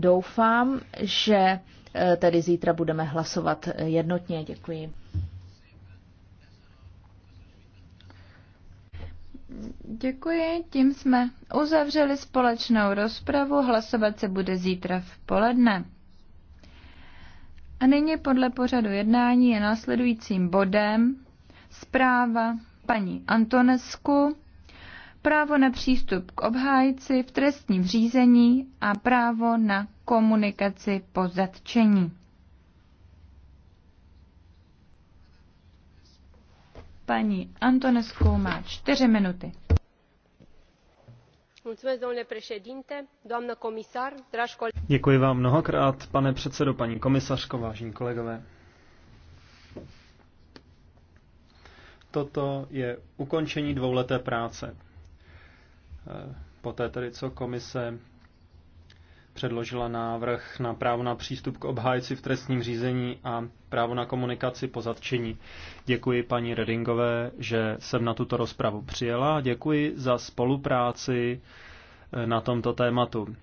Doufám, že eh, tedy zítra budeme hlasovat eh, jednotně. Děkuji. Děkuji, tím jsme uzavřeli společnou rozpravu, hlasovat se bude zítra v poledne. A nyní podle pořadu jednání je následujícím bodem zpráva paní Antonesku právo na přístup k obhájci v trestním řízení a právo na komunikaci po zatčení. Paní Antonescu má čtyři minuty. Děkuji vám mnohokrát, pane předsedo, paní komisařko, vážení kolegové. Toto je ukončení dvouleté práce. Eh, poté tedy, co komise předložila návrh na právo na přístup k obhájci v trestním řízení a právo na komunikaci po zatčení. Děkuji paní Redingové, že jsem na tuto rozpravu přijela. Děkuji za spolupráci eh, na tomto tématu.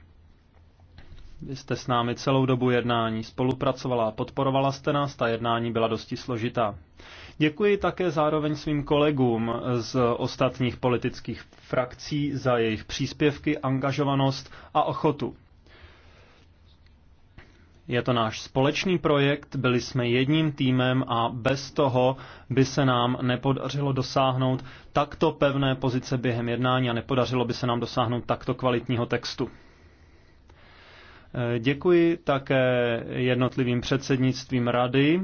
Vy jste s námi celou dobu jednání spolupracovala, podporovala jste nás, ta jednání byla dosti složitá. Děkuji také zároveň svým kolegům z ostatních politických frakcí za jejich příspěvky, angažovanost a ochotu. Je to náš společný projekt, byli jsme jedním týmem a bez toho by se nám nepodařilo dosáhnout takto pevné pozice během jednání a nepodařilo by se nám dosáhnout takto kvalitního textu. Děkuji také jednotlivým předsednictvím rady,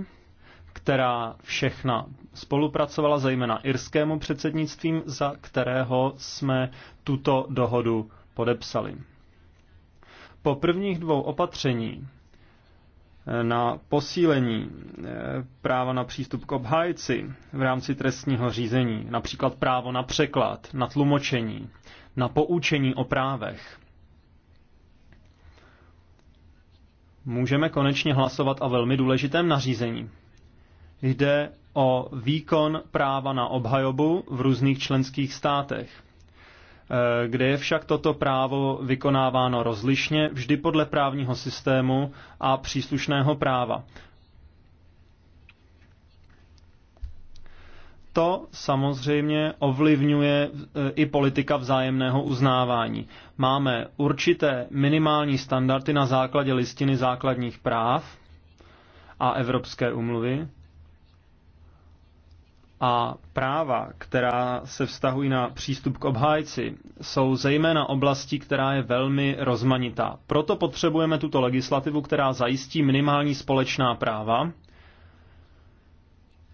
která všechna spolupracovala, zejména irskému předsednictvím, za kterého jsme tuto dohodu podepsali. Po prvních dvou opatření na posílení eh, práva na přístup k obhájci v rámci trestního řízení, například právo na překlad, na tlumočení, na poučení o právech, Můžeme konečně hlasovat o velmi důležitém nařízení. Jde o výkon práva na obhajobu v různých členských státech, eh, kde je však toto právo vykonáváno rozlišně, vždy podle právního systému a příslušného práva. to samozřejmě ovlivňuje e, i politika vzájemného uznávání. Máme určité minimální standardy na základě listiny základních práv a Evropské umluvy a práva, která se vztahují na přístup k obhájci, jsou zejména oblasti, která je velmi rozmanitá. Proto potřebujeme tuto legislativu, která zajistí minimální společná práva,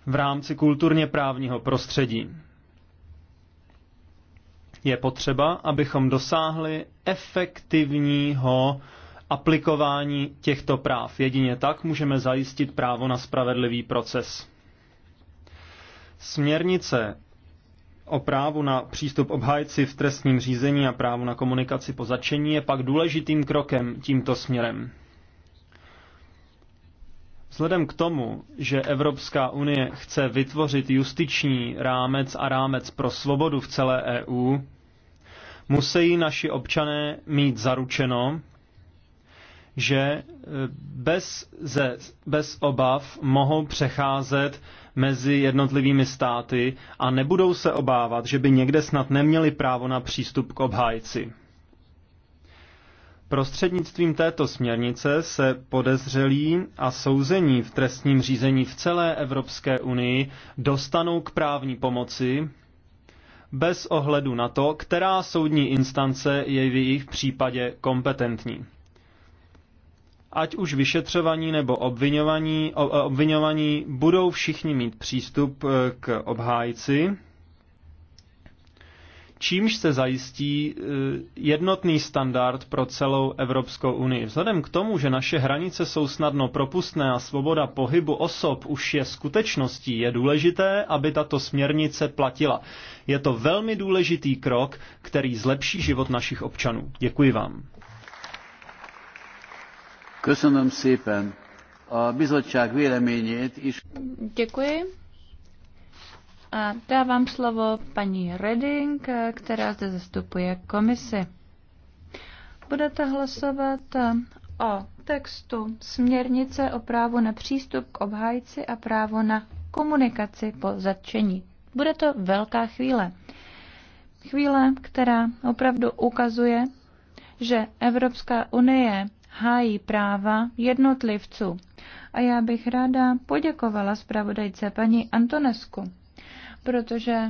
v rámci kulturně právního prostředí. Je potřeba, abychom dosáhli efektivního aplikování těchto práv. Jedině tak můžeme zajistit právo na spravedlivý proces. Směrnice o právu na přístup obhájci v trestním řízení a právu na komunikaci po začení je pak důležitým krokem tímto směrem. Vzhledem k tomu, že Evropská unie chce vytvořit justiční rámec a rámec pro svobodu v celé EU, musí naši občané mít zaručeno, že eh, bez, ze, bez obav mohou přecházet mezi jednotlivými státy a nebudou se obávat, že by někde snad neměli právo na přístup k obhájci. Prostřednictvím této směrnice se podezřelí a souzení v trestním řízení v celé Evropské unii dostanou k právní pomoci bez ohledu na to, která soudní instance je v jejich případě kompetentní. Ať už vyšetřovaní nebo obvinovaní, obvinovaní budou všichni mít přístup eh, k obhájci, čímž se zajistí e, jednotný standard pro celou Evropskou unii. Vzhledem k tomu, že naše hranice jsou snadno propustné a svoboda pohybu osob už je skutečností, je důležité, aby tato směrnice platila. Je to velmi důležitý krok, který zlepší život našich občanů. Děkuji vám. Děkuji. A dávám slovo paní Reding, která zde zastupuje komisi. Budete hlasovat o textu směrnice o právu na přístup k obhájci a právo na komunikaci po zatčení. Bude to velká chvíle. Chvíle, která opravdu ukazuje, že Evropská unie hájí práva jednotlivců. A já bych ráda poděkovala zpravodajce paní Antonesku protože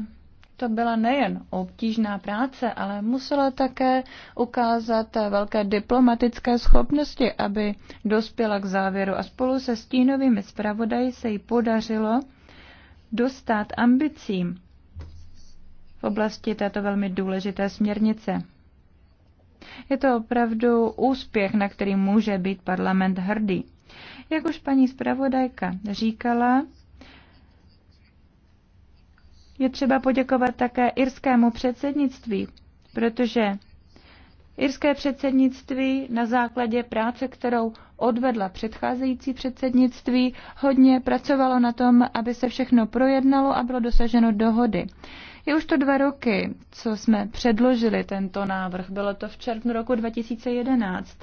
to byla nejen obtížná práce, ale musela také ukázat velké diplomatické schopnosti, aby dospěla k závěru. A spolu se stínovými zpravodaji se jí podařilo dostat ambicím v oblasti této velmi důležité směrnice. Je to opravdu úspěch, na který může být parlament hrdý. Jak už paní zpravodajka říkala, je třeba poděkovat také irskému předsednictví, protože irské předsednictví na základě práce, kterou odvedla předcházející předsednictví, hodně pracovalo na tom, aby se všechno projednalo a bylo dosaženo dohody. Je už to dva roky, co jsme předložili tento návrh. Bylo to v červnu roku 2011.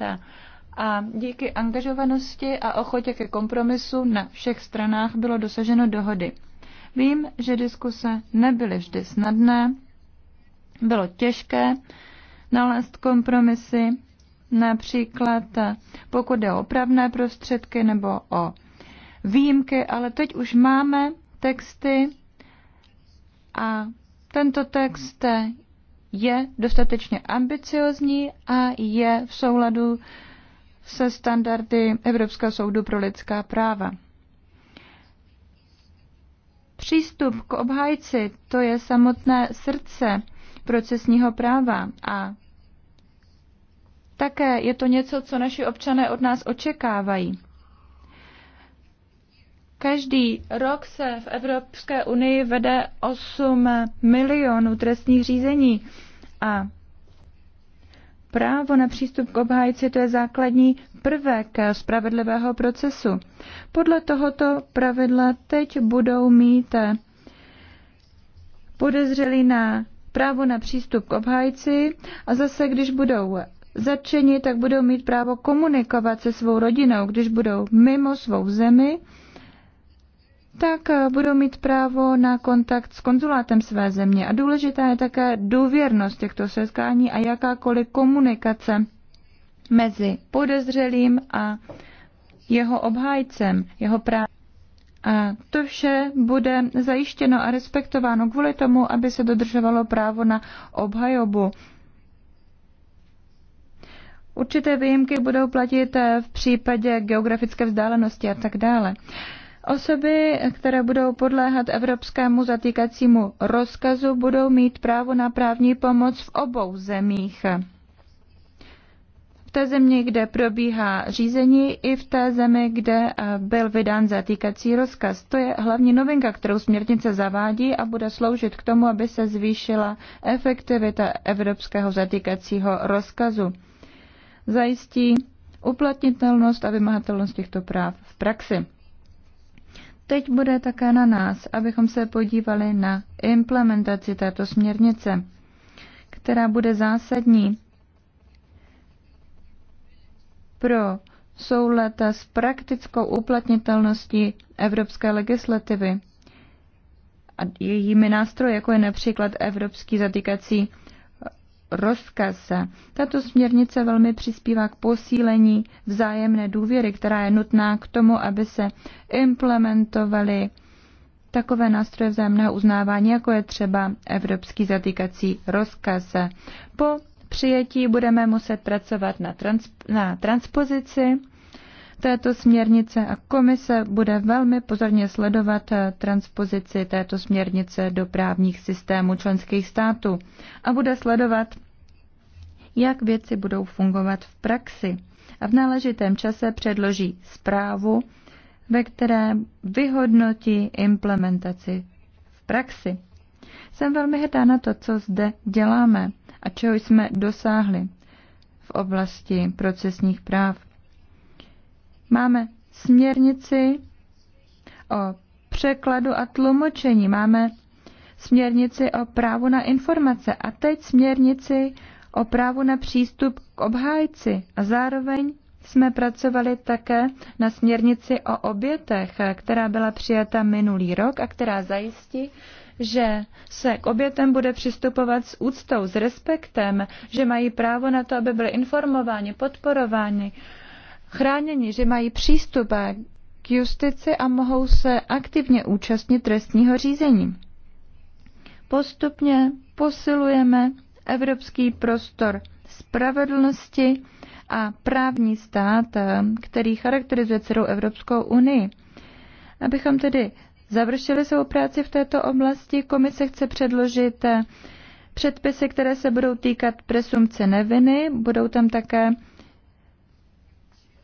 A díky angažovanosti a ochotě ke kompromisu na všech stranách bylo dosaženo dohody. Vím, že diskuse nebyly vždy snadné, bylo těžké nalézt kompromisy, například pokud je o opravné prostředky nebo o výjimky, ale teď už máme texty a tento text je dostatečně ambiciozní a je v souladu se standardy Evropského soudu pro lidská práva. Přístup k obhájci to je samotné srdce procesního práva a také je to něco, co naši občané od nás očekávají. Každý rok se v Evropské unii vede 8 milionů trestních řízení a Právo na přístup k obhájci to je základní prvek spravedlivého procesu. Podle tohoto pravidla teď budou mít podezřelí na právo na přístup k obhájci a zase, když budou zatčeni, tak budou mít právo komunikovat se svou rodinou, když budou mimo svou zemi tak eh, budou mít právo na kontakt s konzulátem své země. A důležitá je také důvěrnost těchto setkání a jakákoliv komunikace mezi podezřelým a jeho obhájcem, jeho právě. A to vše bude zajištěno a respektováno kvůli tomu, aby se dodržovalo právo na obhajobu. Určité výjimky budou platit eh, v případě geografické vzdálenosti a tak dále. Osoby, které budou podléhat evropskému zatýkacímu rozkazu, budou mít právo na právní pomoc v obou zemích. V té zemi, kde probíhá řízení, i v té zemi, kde eh, byl vydán zatýkací rozkaz. To je hlavní novinka, kterou směrnice zavádí a bude sloužit k tomu, aby se zvýšila efektivita evropského zatýkacího rozkazu. Zajistí uplatnitelnost a vymahatelnost těchto práv v praxi teď bude také na nás, abychom se podívali na implementaci této směrnice, která bude zásadní pro souleta s praktickou uplatnitelností evropské legislativy a jejími nástroji, jako je například evropský zatýkací rozkaz. Tato směrnice velmi přispívá k posílení vzájemné důvěry, která je nutná k tomu, aby se implementovaly takové nástroje vzájemného uznávání, jako je třeba evropský zatýkací rozkaz. Po přijetí budeme muset pracovat na, trans- na transpozici této směrnice a komise bude velmi pozorně sledovat transpozici této směrnice do právních systémů členských států a bude sledovat, jak věci budou fungovat v praxi a v náležitém čase předloží zprávu, ve které vyhodnotí implementaci v praxi. Jsem velmi hrdá na to, co zde děláme a čeho jsme dosáhli v oblasti procesních práv. Máme směrnici o překladu a tlumočení, máme směrnici o právu na informace a teď směrnici o právu na přístup k obhájci a zároveň jsme pracovali také na směrnici o obětech, která byla přijata minulý rok a která zajistí, že se k obětem bude přistupovat s úctou, s respektem, že mají právo na to, aby byly informováni, podporováni, chráněni, že mají přístup k justici a mohou se aktivně účastnit trestního řízení. Postupně posilujeme evropský prostor spravedlnosti a právní stát, eh, který charakterizuje celou Evropskou unii. Abychom tedy završili svou práci v této oblasti, komise chce předložit eh, předpisy, které se budou týkat presumce neviny, budou tam také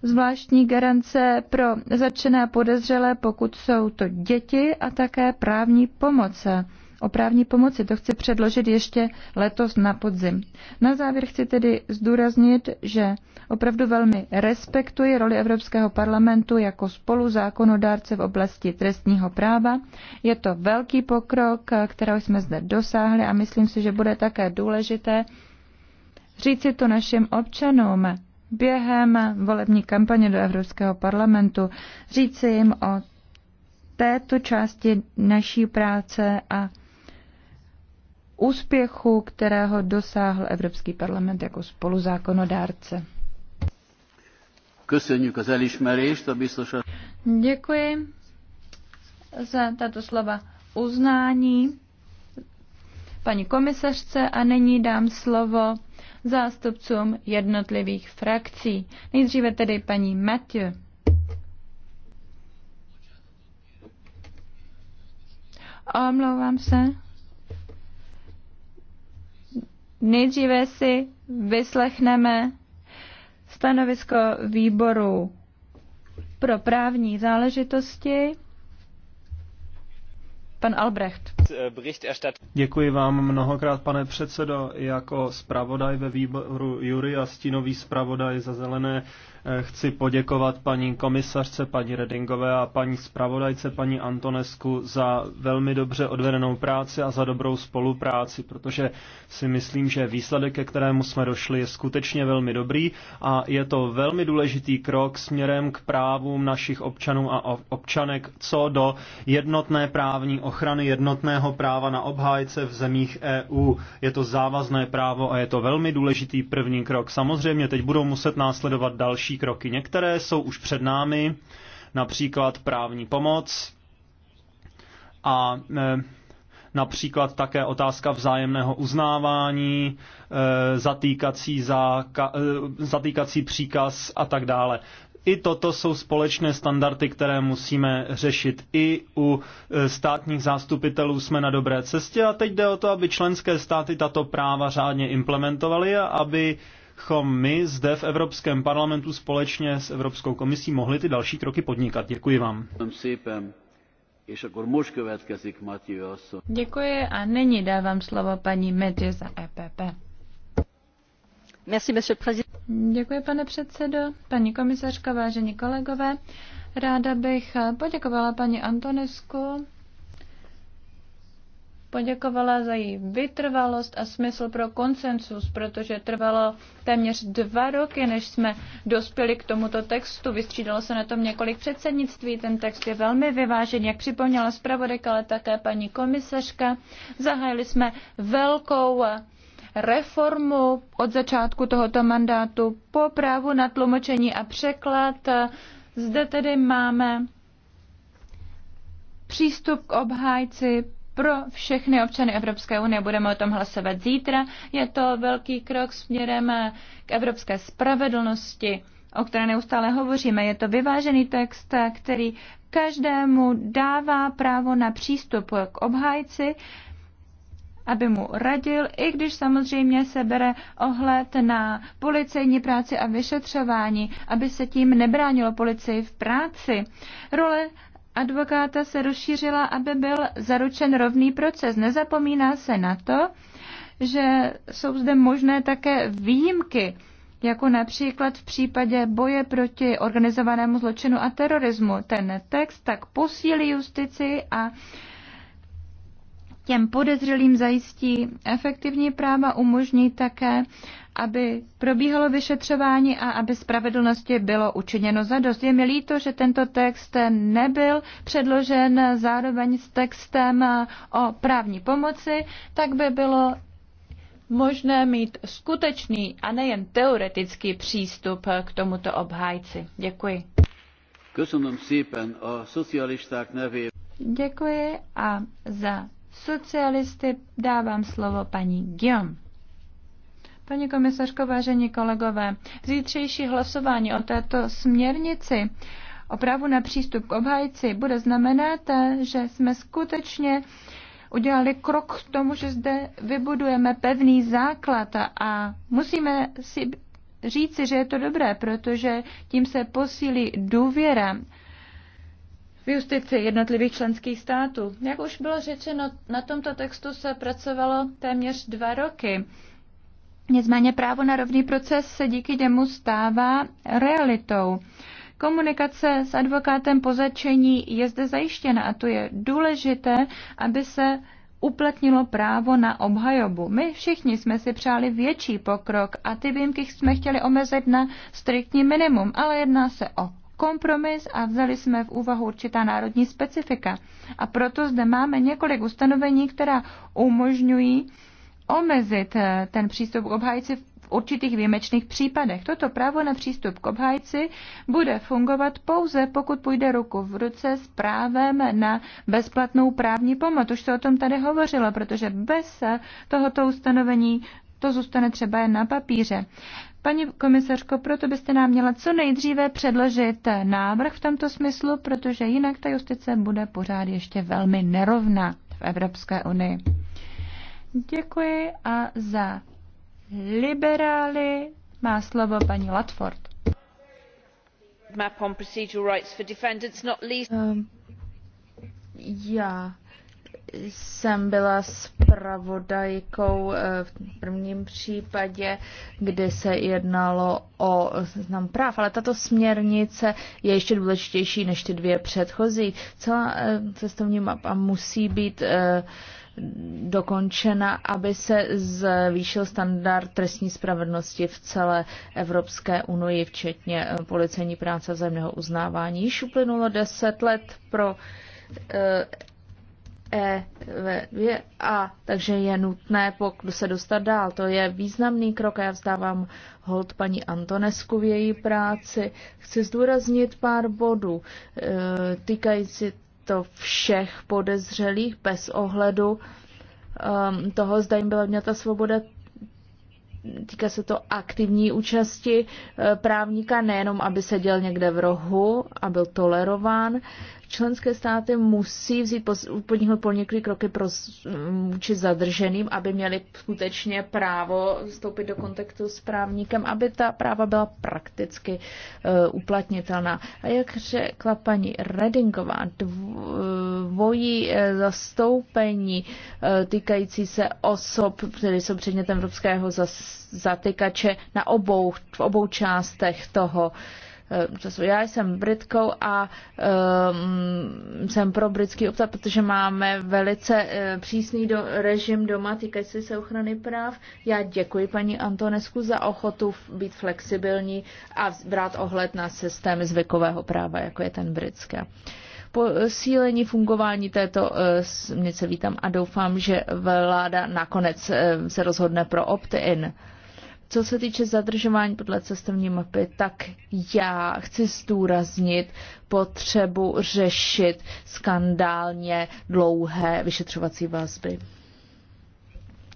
zvláštní garance pro začené podezřelé, pokud jsou to děti, a také právní pomoc o právní pomoci. To chci předložit ještě letos na podzim. Na závěr chci tedy zdůraznit, že opravdu velmi respektuji roli Evropského parlamentu jako spoluzákonodárce v oblasti trestního práva. Je to velký pokrok, kterého jsme zde dosáhli a myslím si, že bude také důležité říci to našim občanům, během volební kampaně do Evropského parlamentu, říci jim o této části naší práce a úspěchu, kterého dosáhl Evropský parlament jako spoluzákonodárce. Děkuji za tato slova uznání paní komisařce a nyní dám slovo zástupcům jednotlivých frakcí. Nejdříve tedy paní Mathieu. Omlouvám se. Nejdříve si vyslechneme stanovisko výboru pro právní záležitosti. Pan Albrecht. Děkuji vám mnohokrát, pane předsedo. Jako zpravodaj ve výboru Jury a stínový zpravodaj za zelené Eh, chci poděkovat paní komisařce, paní Redingové a paní zpravodajce, paní Antonesku za velmi dobře odvedenou práci a za dobrou spolupráci, protože si myslím, že výsledek, ke kterému jsme došli, je skutečně velmi dobrý a je to velmi důležitý krok směrem k právům našich občanů a občanek co do jednotné právní ochrany, jednotného práva na obhájce v zemích EU. Je to závazné právo a je to velmi důležitý první krok. Samozřejmě teď budou muset následovat další další kroky. Některé jsou už před námi, například právní pomoc a e, například také otázka vzájemného uznávání, e, zatýkací, záka, e, zatýkací příkaz a tak dále. I toto jsou společné standardy, které musíme řešit. I u státních zástupitelů jsme na dobré cestě a teď jde o to, aby členské státy tato práva řádně implementovaly a aby bychom my zde v Evropském parlamentu společně s Evropskou komisí mohli ty další kroky podnikat. Děkuji vám. Děkuji a nyní dávám slovo paní Medě za EPP. Děkuji, pane předsedo, paní komisařka, vážení kolegové. Ráda bych poděkovala paní Antonesku poděkovala za její vytrvalost a smysl pro konsensus, protože trvalo téměř dva roky, než jsme dospěli k tomuto textu. Vystřídalo se na tom několik předsednictví. Ten text je velmi vyvážený, jak připomněla zpravodajka, ale také paní komisařka. Zahájili jsme velkou reformu od začátku tohoto mandátu po právu na tlumočení a překlad. Zde tedy máme přístup k obhájci pro všechny občany Evropské unie. Budeme o tom hlasovat zítra. Je to velký krok směrem eh, k evropské spravedlnosti, o které neustále hovoříme. Je to vyvážený text, eh, který každému dává právo na přístup k obhájci, aby mu radil, i když samozřejmě se bere ohled na policejní práci a vyšetřování, aby se tím nebránilo policii v práci. Role advokáta se rozšířila, aby byl zaručen rovný proces. Nezapomíná se na to, že jsou zde možné také výjimky, jako například v případě boje proti organizovanému zločinu a terorismu. Ten text tak posílí justici a Těm podezřelým zajistí efektivní práva, umožní také, aby probíhalo vyšetřování a aby spravedlnosti bylo učiněno dost. Je mi líto, že tento text nebyl předložen zároveň s textem o právní pomoci, tak by bylo možné mít skutečný a nejen teoretický přístup k tomuto obhájci. Děkuji. Děkuji a za socialisty dávám slovo paní Guillaume. Paní komisařko, vážení kolegové, zítřejší hlasování o této směrnici o právu na přístup k obhájci bude znamenat, že jsme skutečně udělali krok k tomu, že zde vybudujeme pevný základ a musíme si říci, že je to dobré, protože tím se posílí důvěra v justici jednotlivých členských států. Jak už bylo řečeno, na tomto textu se pracovalo téměř dva roky. Nicméně právo na rovný proces se díky němu stává realitou. Komunikace s advokátem po začení je zde zajištěna a to je důležité, aby se uplatnilo právo na obhajobu. My všichni jsme si přáli větší pokrok a ty výjimky jsme chtěli omezit na striktní minimum, ale jedná se o kompromis a vzali jsme v úvahu určitá národní specifika. A proto zde máme několik ustanovení, která umožňují omezit eh, ten přístup k obhájci v určitých výjimečných případech. Toto právo na přístup k obhájci bude fungovat pouze, pokud půjde ruku v ruce s právem na bezplatnou právní pomoc. Už se o tom tady hovořilo, protože bez eh, tohoto ustanovení to zůstane třeba jen na papíře. Paní komisařko, proto byste nám měla co nejdříve předložit návrh v tomto smyslu, protože jinak ta justice bude pořád ještě velmi nerovná v Evropské unii. Děkuji a za liberály má slovo paní Latford. Um, já jsem byla zpravodajkou eh, v prvním případě, kdy se jednalo o seznam práv, ale tato směrnice je ještě důležitější než ty dvě předchozí. Celá eh, cestovní mapa musí být eh, dokončena, aby se zvýšil standard trestní spravedlnosti v celé Evropské unii, včetně policejní práce zemného uznávání. Již uplynulo deset let pro e V, a takže je nutné pokud se dostat dál. To je významný krok a já vzdávám hold paní Antonesku v její práci. Chci zdůraznit pár bodů e, týkající to všech podezřelých bez ohledu e, toho, zda jim byla měta svoboda týká se to aktivní účasti e, právníka, nejenom aby seděl někde v rohu a byl tolerován. Členské státy musí vzít podniknout po několik kroky pro či zadrženým, aby měli skutečně právo vstoupit do kontaktu s právníkem, aby ta práva byla prakticky uh, uplatnitelná. A jak řekla paní Redingová, eh, dvojí eh, zastoupení uh, týkající se osob, které jsou předmětem evropského zatykače na obou, v obou částech toho uh, času. Já jsem Britkou a um, jsem pro britský obsah, protože máme velice uh, přísný do, režim doma týkající se ochrany práv. Já děkuji paní Antonesku za ochotu být flexibilní a brát ohled na systém zvykového práva, jako je ten britský. sílení fungování této e, směrnice vítám a doufám, že vláda nakonec e, se rozhodne pro opt-in. Co se týče zadržování podle cestovní mapy, tak já chci zdůraznit potřebu řešit skandálně dlouhé vyšetřovací vazby.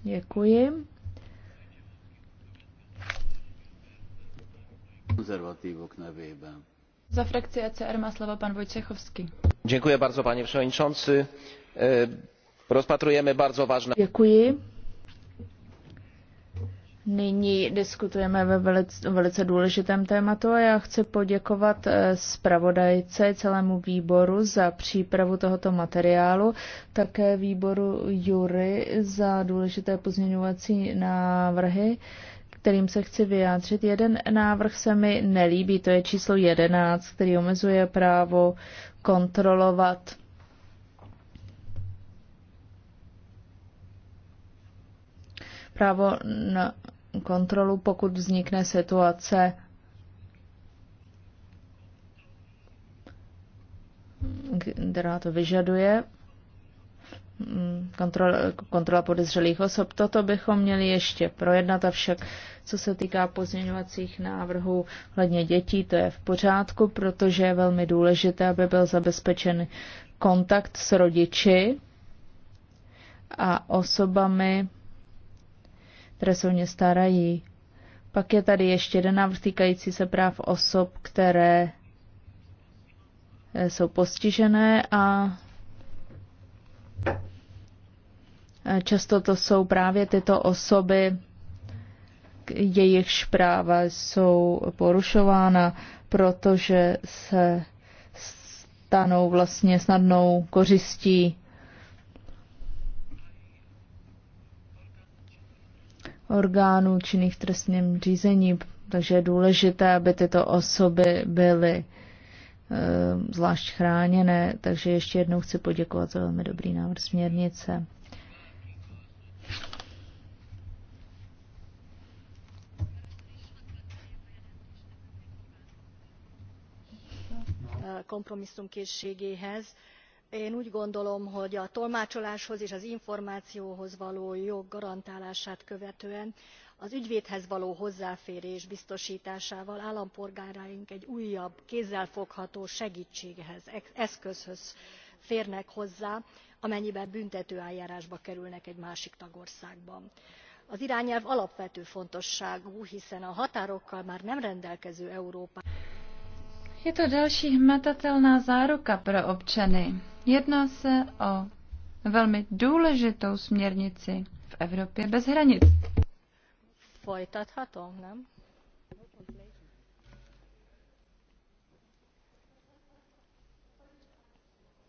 Děkuji. Za frakci ECR má slovo pan Vojcechovský. Děkuji bardzo pane předsedající. Rozpatrujeme bardzo vážné... Děkuji Nyní diskutujeme ve velice, velice důležitém tématu a já chci poděkovat eh, zpravodajce celému výboru za přípravu tohoto materiálu, také výboru Jury za důležité pozměňovací návrhy, kterým se chci vyjádřit. Jeden návrh se mi nelíbí, to je číslo 11, který omezuje právo kontrolovat právo na kontrolu, pokud vznikne situace, která to vyžaduje, kontrola, kontrola podezřelých osob. Toto bychom měli ještě projednat, avšak co se týká pozměňovacích návrhů hledně dětí, to je v pořádku, protože je velmi důležité, aby byl zabezpečen kontakt s rodiči a osobami, které se o ně starají. Pak je tady ještě jeden návrh týkající se práv osob, které eh, jsou postižené a eh, často to jsou právě tyto osoby, jejichž práva jsou porušována, protože se stanou vlastně snadnou kořistí orgánů činných v trestním řízení, takže je důležité, aby tyto osoby byly eh, zvlášť chráněné, takže ještě jednou chci poděkovat za velmi dobrý návrh směrnice. kompromisszum készségéhez én úgy gondolom hogy a tolmácsoláshoz és az információhoz való jog garantálását követően az ügyvédhez való hozzáférés biztostásával állampolgáraink egy újabb kézzelfogható segtséghez eszközhöz férnek hozzá amennyiben büntetőeljárásba kerülnek egy másik tagországban. az irányelv alapvető fontosságú hiszen a határokkal már nem rendelkező európában je to další hmatatelná záruka pro občany. Jedná se o velmi důležitou směrnici v Evropě bez hranic.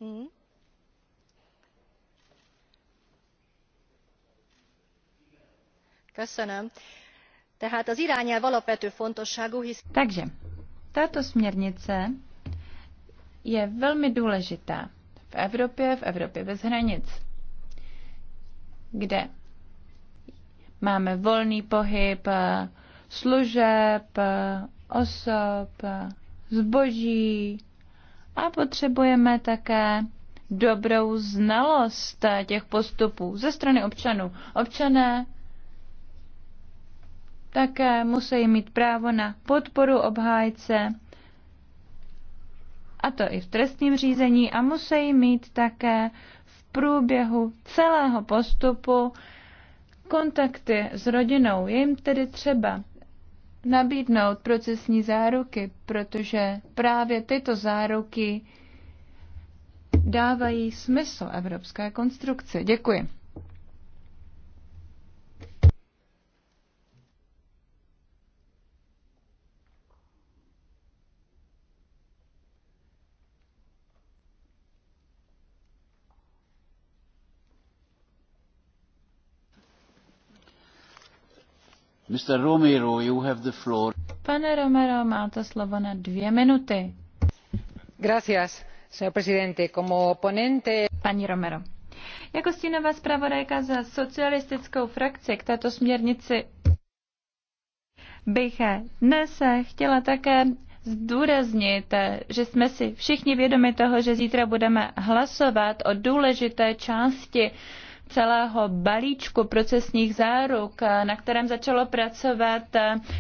Hm? takže tato směrnice je velmi důležitá v Evropě, v Evropě bez hranic, kde máme volný pohyb eh, služeb, eh, osob, eh, zboží a potřebujeme také dobrou znalost těch postupů ze strany občanů. Občané také musí mít právo na podporu obhájce, a to i v trestním řízení, a musí mít také v průběhu celého postupu kontakty s rodinou. Je jim tedy třeba nabídnout procesní záruky, protože právě tyto záruky dávají smysl evropské konstrukci. Děkuji. Mr. Romero, you have the floor. Pane Romero, máte slovo na dvě minuty. Gracias, señor presidente. Como ponente... Paní Romero. Jako stínová zpravodajka za socialistickou frakci k této směrnici bych dnes chtěla také zdůraznit, že jsme si všichni vědomi toho, že zítra budeme hlasovat o důležité části celého balíčku procesních záruk, na kterém začalo pracovat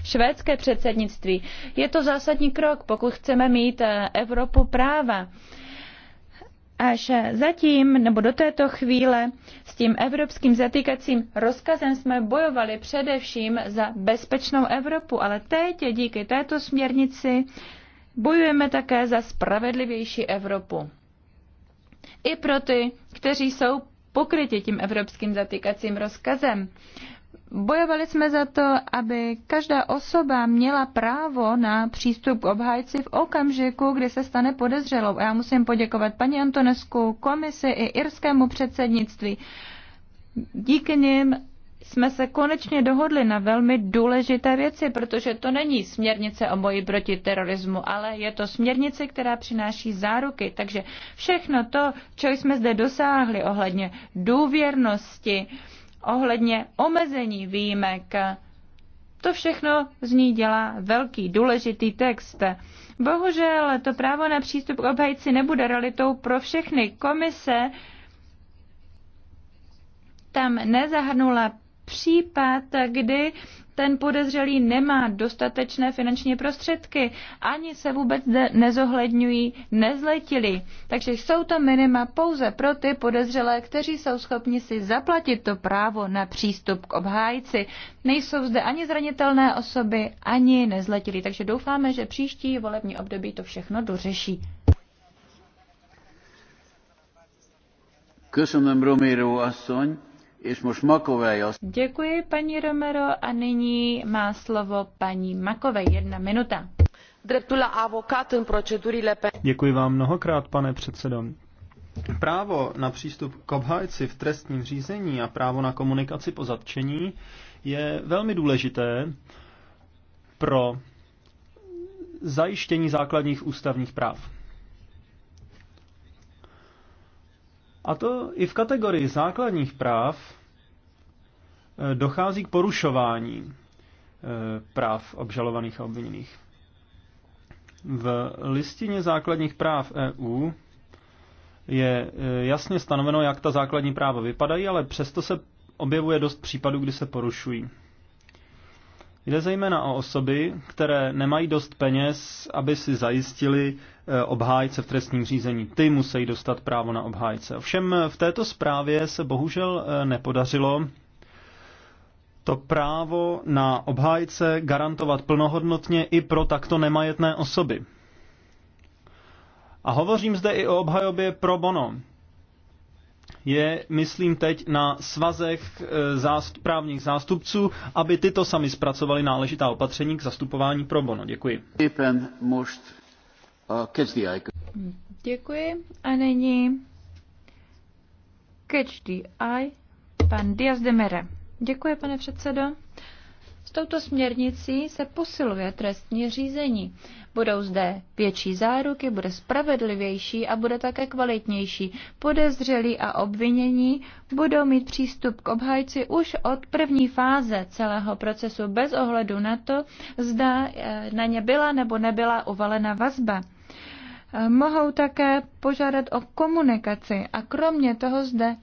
švédské předsednictví. Je to zásadní krok, pokud chceme mít Evropu práva. Až zatím, nebo do této chvíle, s tím evropským zatýkacím rozkazem jsme bojovali především za bezpečnou Evropu, ale teď díky této směrnici bojujeme také za spravedlivější Evropu. I pro ty, kteří jsou pokrytě tím evropským zatýkacím rozkazem. Bojovali jsme za to, aby každá osoba měla právo na přístup k obhájci v okamžiku, kdy se stane podezřelou. Já musím poděkovat paní Antonesku, komisi i irskému předsednictví. Díky nim jsme se konečně dohodli na velmi důležité věci, protože to není směrnice o boji proti terorismu, ale je to směrnice, která přináší záruky. Takže všechno to, co jsme zde dosáhli ohledně důvěrnosti, ohledně omezení výjimek, to všechno z ní dělá velký, důležitý text. Bohužel to právo na přístup k obhajci nebude realitou pro všechny. Komise tam nezahrnula případ, kdy ten podezřelý nemá dostatečné finanční prostředky, ani se vůbec nezohledňují nezletili. Takže jsou to minima pouze pro ty podezřelé, kteří jsou schopni si zaplatit to právo na přístup k obhájci. Nejsou zde ani zranitelné osoby, ani nezletili. Takže doufáme, že příští volební období to všechno dořeší. Köszönöm, Romero asszony. Děkuji, paní Romero, a nyní má slovo paní Makové. Jedna minuta. Děkuji vám mnohokrát, pane předsedo. Právo na přístup k obhájci v trestním řízení a právo na komunikaci po zatčení je velmi důležité pro zajištění základních ústavních práv. A to i v kategorii základních práv eh, dochází k porušování eh, práv obžalovaných a obviněných. V listině základních práv EU je eh, jasně stanoveno, jak ta základní práva vypadají, ale přesto se objevuje dost případů, kdy se porušují. Jde zejména o osoby, které nemají dost peněz, aby si zajistili eh, obhájce v trestním řízení. Ty musí dostat právo na obhájce. Ovšem v této zprávě se bohužel eh, nepodařilo to právo na obhájce garantovat plnohodnotně i pro takto nemajetné osoby. A hovořím zde i o obhajobě pro bono je, myslím teď, na svazech e, zást, právních zástupců, aby tyto sami zpracovali náležitá opatření k zastupování pro bono. Děkuji. Děkuji. A nyní catch the eye, pan Diaz de Mere. Děkuji, pane předsedo touto směrnicí se posiluje trestní řízení. Budou zde větší záruky, bude spravedlivější a bude také kvalitnější. Podezřelí a obvinění budou mít přístup k obhajci už od první fáze celého procesu bez ohledu na to, zda eh, na ně byla nebo nebyla uvalena vazba. Eh, mohou také požádat o komunikaci a kromě toho zde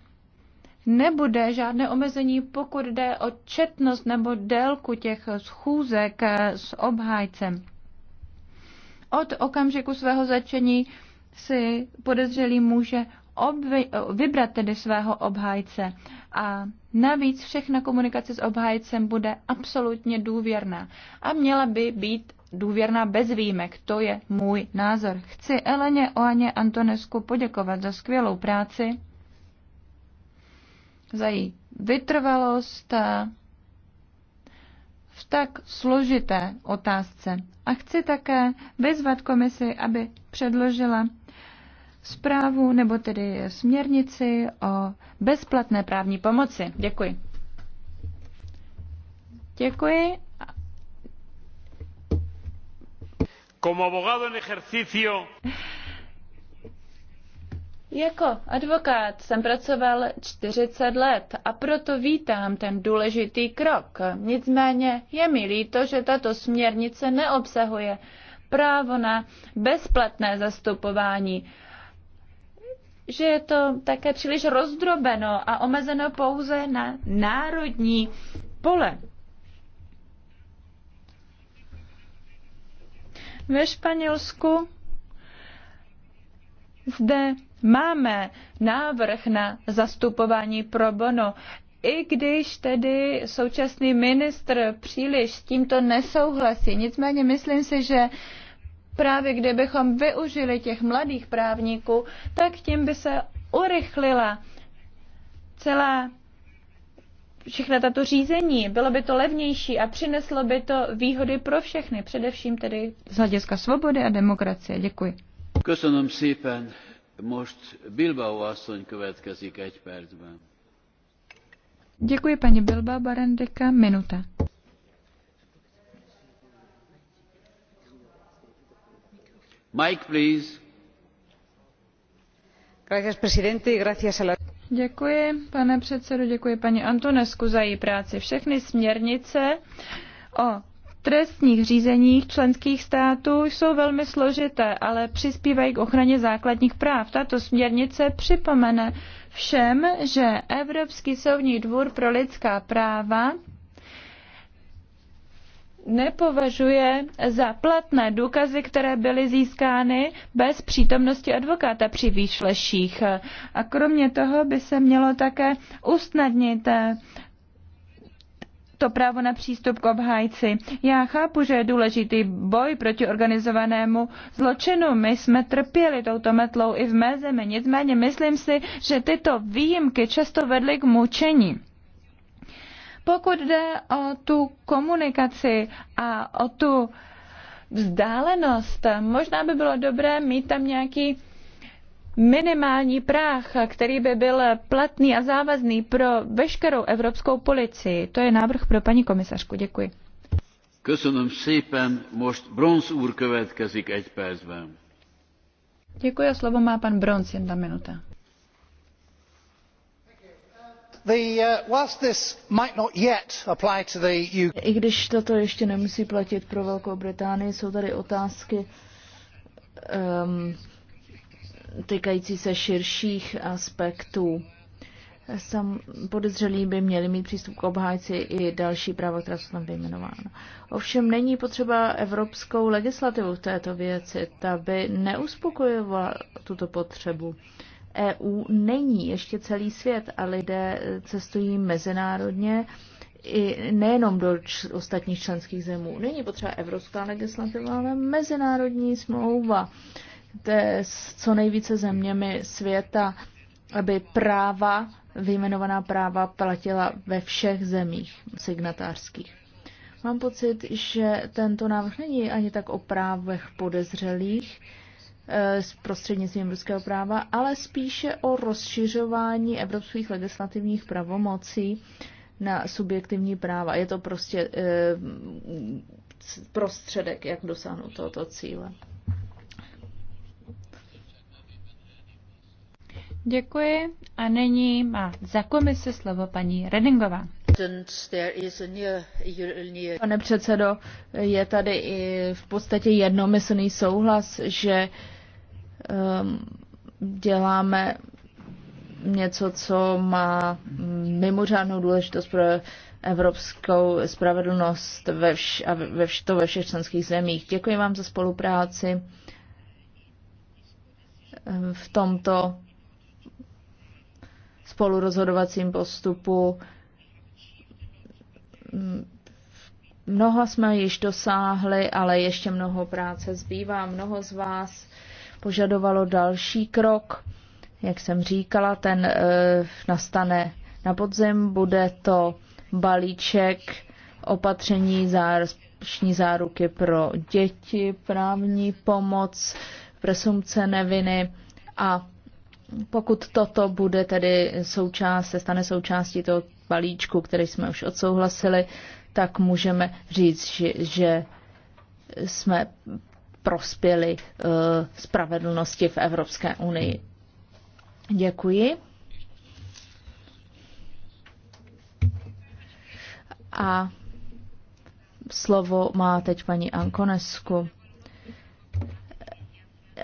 nebude žádné omezení, pokud jde o četnost nebo délku těch schůzek s obhájcem. Od okamžiku svého začení si podezřelý může obvi, vybrat tedy svého obhájce a navíc všechna komunikace s obhájcem bude absolutně důvěrná a měla by být důvěrná bez výjimek. To je můj názor. Chci Eleně Oaně Antonesku poděkovat za skvělou práci za její vytrvalost v tak složité otázce. A chci také vyzvat komisi, aby předložila zprávu nebo tedy směrnici o bezplatné právní pomoci. Děkuji. Děkuji. Como abogado en ejercicio jako advokát jsem pracoval 40 let a proto vítám ten důležitý krok. Nicméně je mi líto, že tato směrnice neobsahuje právo na bezplatné zastupování, že je to také příliš rozdrobeno a omezeno pouze na národní pole. Ve Španělsku zde máme návrh na zastupování pro bono. I když tedy současný ministr příliš s tímto nesouhlasí, nicméně myslím si, že právě kdybychom využili těch mladých právníků, tak tím by se urychlila celá všechna tato řízení. Bylo by to levnější a přineslo by to výhody pro všechny, především tedy z hlediska svobody a demokracie. Děkuji. Děkuji paní Bilba Barendika. Minuta. Mike, please. Gracias, presidente, gracias a la... Děkuji, pane předsedo, děkuji paní Antonesku za její práci. Všechny směrnice o trestních řízeních členských států jsou velmi složité, ale přispívají k ochraně základních práv. Tato směrnice připomene všem, že Evropský soudní dvůr pro lidská práva nepovažuje za platné důkazy, které byly získány bez přítomnosti advokáta při výšleších. A kromě toho by se mělo také usnadnit to právo na přístup k obhájci. Já chápu, že je důležitý boj proti organizovanému zločinu. My jsme trpěli touto metlou i v mé zemi. Nicméně myslím si, že tyto výjimky často vedly k mučení. Pokud jde o tu komunikaci a o tu vzdálenost, možná by bylo dobré mít tam nějaký minimální práh, který by byl platný a závazný pro veškerou evropskou policii. To je návrh pro paní komisařku. Děkuji. Köszönöm szépen, most Bronz úr következik egy percben. Děkuji a slovo má pan Bronz, jedna minuta. Uh, I když toto ještě nemusí platit pro Velkou Británii, jsou tady otázky um, týkající se širších aspektů. Sam podezřelí by měli mít přístup k obhájci i další práva, která jsou tam vyjmenována. Ovšem není potřeba evropskou legislativu v této věci, ta by neuspokojovala tuto potřebu. EU není ještě celý svět a lidé cestují mezinárodně i nejenom do ostatních členských zemů. Není potřeba evropská legislativa, ale mezinárodní smlouva. Uh, s co nejvíce zeměmi světa, aby práva, vyjmenovaná práva platila ve všech zemích signatářských. Mám pocit, že tento návrh není ani tak o právech podezřelých eh, s prostřednictvím ruského práva, ale spíše o rozšiřování evropských legislativních pravomocí na subjektivní práva. Je to prostě eh, prostředek, jak dosáhnout tohoto cíle. Děkuji a nyní má za komise slovo paní Redingová. Pane předsedo, je tady i v podstatě jednomyslný souhlas, že um, děláme něco, co má mimořádnou důležitost pro evropskou spravedlnost ve, vš- a ve, vš- to ve všech členských zemích. Děkuji vám za spolupráci ehm, v tomto spolurozhodovacím postupu. Mnoho jsme již dosáhli, ale ještě mnoho práce zbývá. Mnoho z vás požadovalo další krok. Jak jsem říkala, ten e, nastane na podzim. Bude to balíček opatření záruční záruky pro děti, právní pomoc, presumce neviny a pokud toto bude tedy součást, se stane součástí toho balíčku, který jsme už odsouhlasili, tak můžeme říct, že, že jsme prospěli uh, spravedlnosti v Evropské unii. Děkuji. A slovo má teď paní Ankonesku.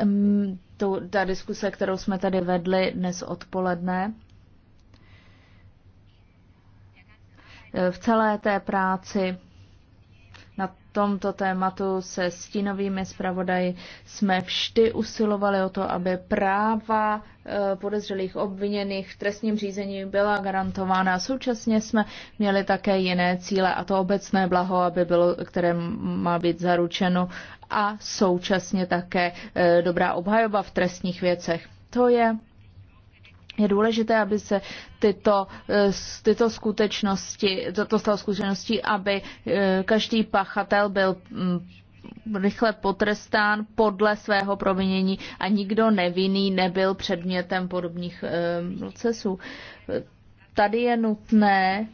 Um, tu, ta diskuse, kterou jsme tady vedli dnes odpoledne. V celé té práci na tomto tématu se stínovými zpravodaji jsme vždy usilovali o to, aby práva eh, podezřelých obviněných v trestním řízení byla garantována. Současně jsme měli také jiné cíle a to obecné blaho, aby bylo, které má být zaručeno a současně také eh, dobrá obhajoba v trestních věcech. To je je důležité, aby se tyto, eh, tyto skutečnosti, toto stalo skutečností, aby eh, každý pachatel byl mm, rychle potrestán podle svého provinění a nikdo nevinný nebyl předmětem podobných procesů. Tady je nutné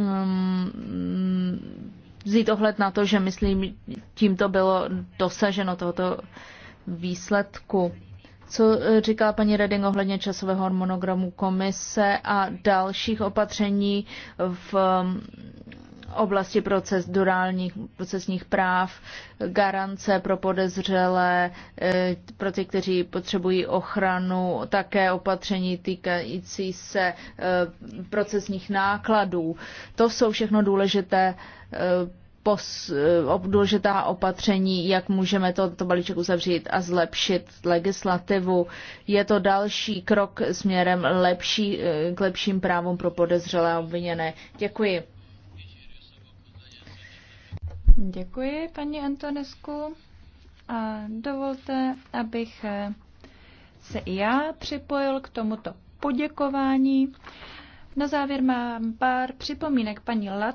um, vzít ohled na to, že myslím, tímto bylo dosaženo tohoto výsledku. Co e, říká paní Reding ohledně časového harmonogramu komise a dalších opatření v oblasti procedurálních procesních práv, garance pro podezřelé, eh, pro ty, kteří potřebují ochranu, také opatření týkající se eh, procesních nákladů. To jsou všechno důležité eh, důležitá opatření, jak můžeme to, to balíček uzavřít a zlepšit legislativu. Je to další krok směrem lepší, k lepším právům pro podezřelé a obviněné. Děkuji. Děkuji, paní Antonesku. A dovolte, abych se i já připojil k tomuto poděkování. Na závěr mám pár připomínek paní Lat